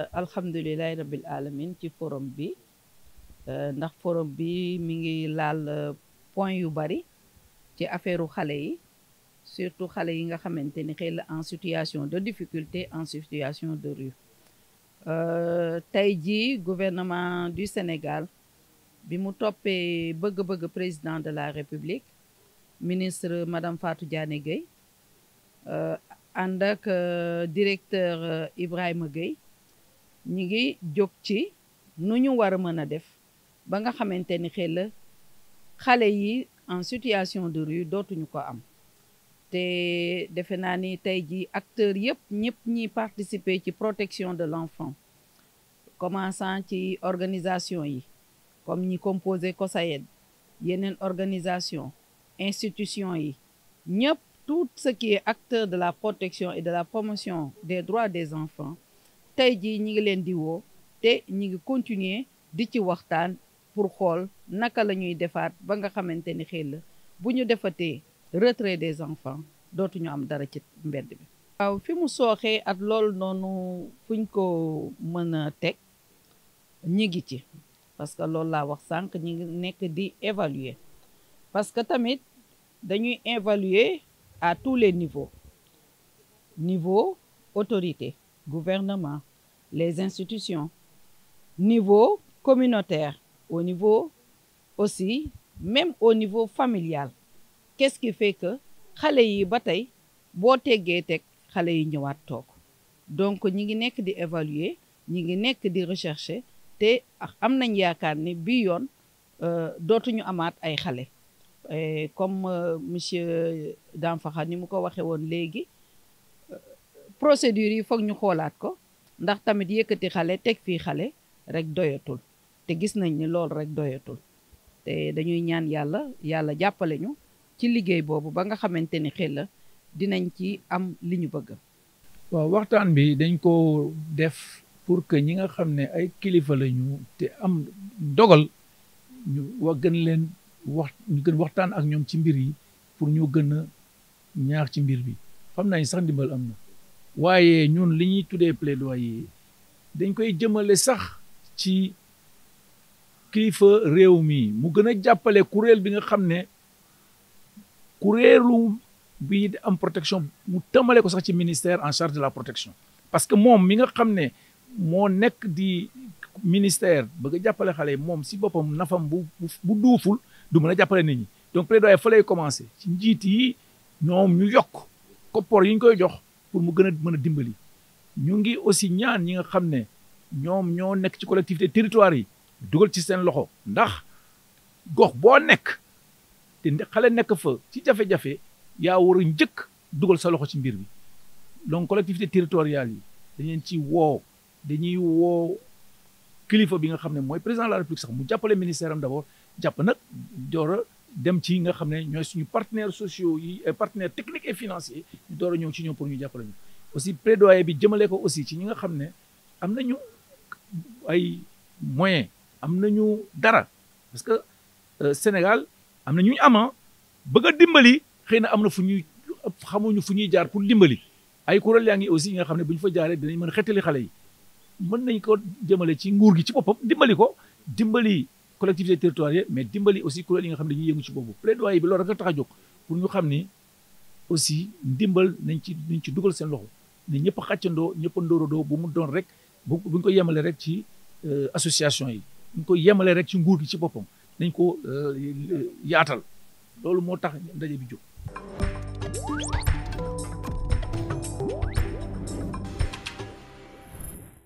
Euh, alhamdulilahi rabbil alamin ci forum bi euh, ndax forum bi mi ngi laal euh, point yu bari ci affaire xale yi surtout xale yi nga xamante ni xëy en situation de difficulté en situation de rue tey jii gouvernement du Sénégal bi mu toppee bëgg-bëgg président de la République ministre madame Fatou Diané Gueye euh, ànd ak euh, directeur euh, Ibrahima Gueye ñu ngi jog ci nu ñu war a mën a def ba nga xamante ni xel xale yi en situation de rue dootuñu ko am te defe naa ni tey jii acteurs yëpp ñëpp ñiy participer ci protection de l'enfant commençant ci organisation yi comme ñi composé COSAED yeneen organisation institutions yi ñëpp tout ce qui acteur de la protection et de la promotion des droits des enfants tey jii ñi ngi leen di woo te ñi ngi continuer di ci waxtaan pour xool naka la ñuy defaat ba nga xamante ni xel la bu ñu defatee retrait des enfants dootuñu am dara ci mbedd bi waaw fi mu sooxee ak loolu noonu fuñ ko mën a teg ñi ngi ci parce que loolu laa wax sànq ñi ngi nekk di évaluer parce tamit dañuy évaluer à tous les niveaux niveau autorités gouvernement les institutions niveau communautaire au niveau aussi même au niveau familial qu'est-ce qui xale yi ba tey boo teggee teg xale yi ñëwaat toog donc ñi ngi nekk di évaluer ñi ngi nekk di rechercher te am nañ yaakaar ni bii yoon euh, dootuñu amaat ay xale Eh, comme euh, monsieur Damfakha ni mu ko waxee woon léegi euh, procédure yi foog ñu xoolaat ko ndax tamit yëkkati xale teg fii xale rek doyatul te gis nañ ni loolu rek doyatul te dañuy ñaan yàlla yàlla jàppale ñu ci liggéey boobu ba nga xamante ni xel la dinañ ci am li ñu bëgg. waaw waxtaan bi dañ ko def pour que ñi nga xam ne ay kilifa lañu te am dogal ñu wa gën leen. wax ñu gën waxtaan ak ñoom ci mbir yi pour ñu gën a ñaax ci mbir bi xam naa ni sax ndimbal am na waaye ñun li ñuy tuddee plaidoyer dañ koy jëmale sax ci kilifa réew mi mu gën a jàppale kuréel bi nga xam ne kuréelu bi am protection mu tamale ko sax ci ministère en charge de la protection parce que moom mi nga xam ne moo nekk di ministère bëgg jàppale xale yi moom si boppam nafam bu bu duuful du mën a jàppale nit ñi donc plaidoyer fa lay commencé ci njiit yi ñoom ñu yokk koppoor yi ñu koy jox pour mu gën a mën a dimbali ñu ngi aussi ñaan ñi nga xam ne ñoom ñoo nekk ci collectivité territoire yi dugal ci seen loxo ndax gox boo nekk te xale nekk fa ci jafe-jafe yaa war a njëkk dugal sa loxo ci mbir bi donc collectivité territoriale yi dañ leen woo dañuy woo kilifa bi nga xam ne mooy président de la république sax mu jàppale ministère am d' abord jàpp nag door dem ci nga xam ne ñooy suñu partenaires sociaux yi euh, partenaires techniques et financiers ñu door a ci ñoom pour ñu jàppale ñu aussi plaidoyer bi jëmale ko aussi ci ñi nga xam ne am nañu ay moyen am nañu dara parce que euh, Sénégal am na ñu ama ah, bëgg a dimbali xëy na am na fu ñuy xamuñu fu ñuy jaar pour dimbali ay kuréel yaa ngi aussi nga xam ne bu ñu fa jaaree dinañ mën a xettali xale yi mën nañ ko jëmale ci nguur gi ci boppam dimbali ko dimbali collectivité territoriale mais dimbali aussi kuréel yi nga xam ne dañuy yëngu ci boobu plaidoyer bi loolu a tax a jóg pour ñu xam ni aussi ndimbal nañ ci nañ ci dugal seen loxo ne ñëpp xàccandoo ñëpp ndóoróodoo bu mu doon rek bu buñ ko yemale rek ci euh, association yi buñ ko yemale rek ci nguur gi ci boppam nañ ko euh, yaatal loolu moo tax ndaje bi jóg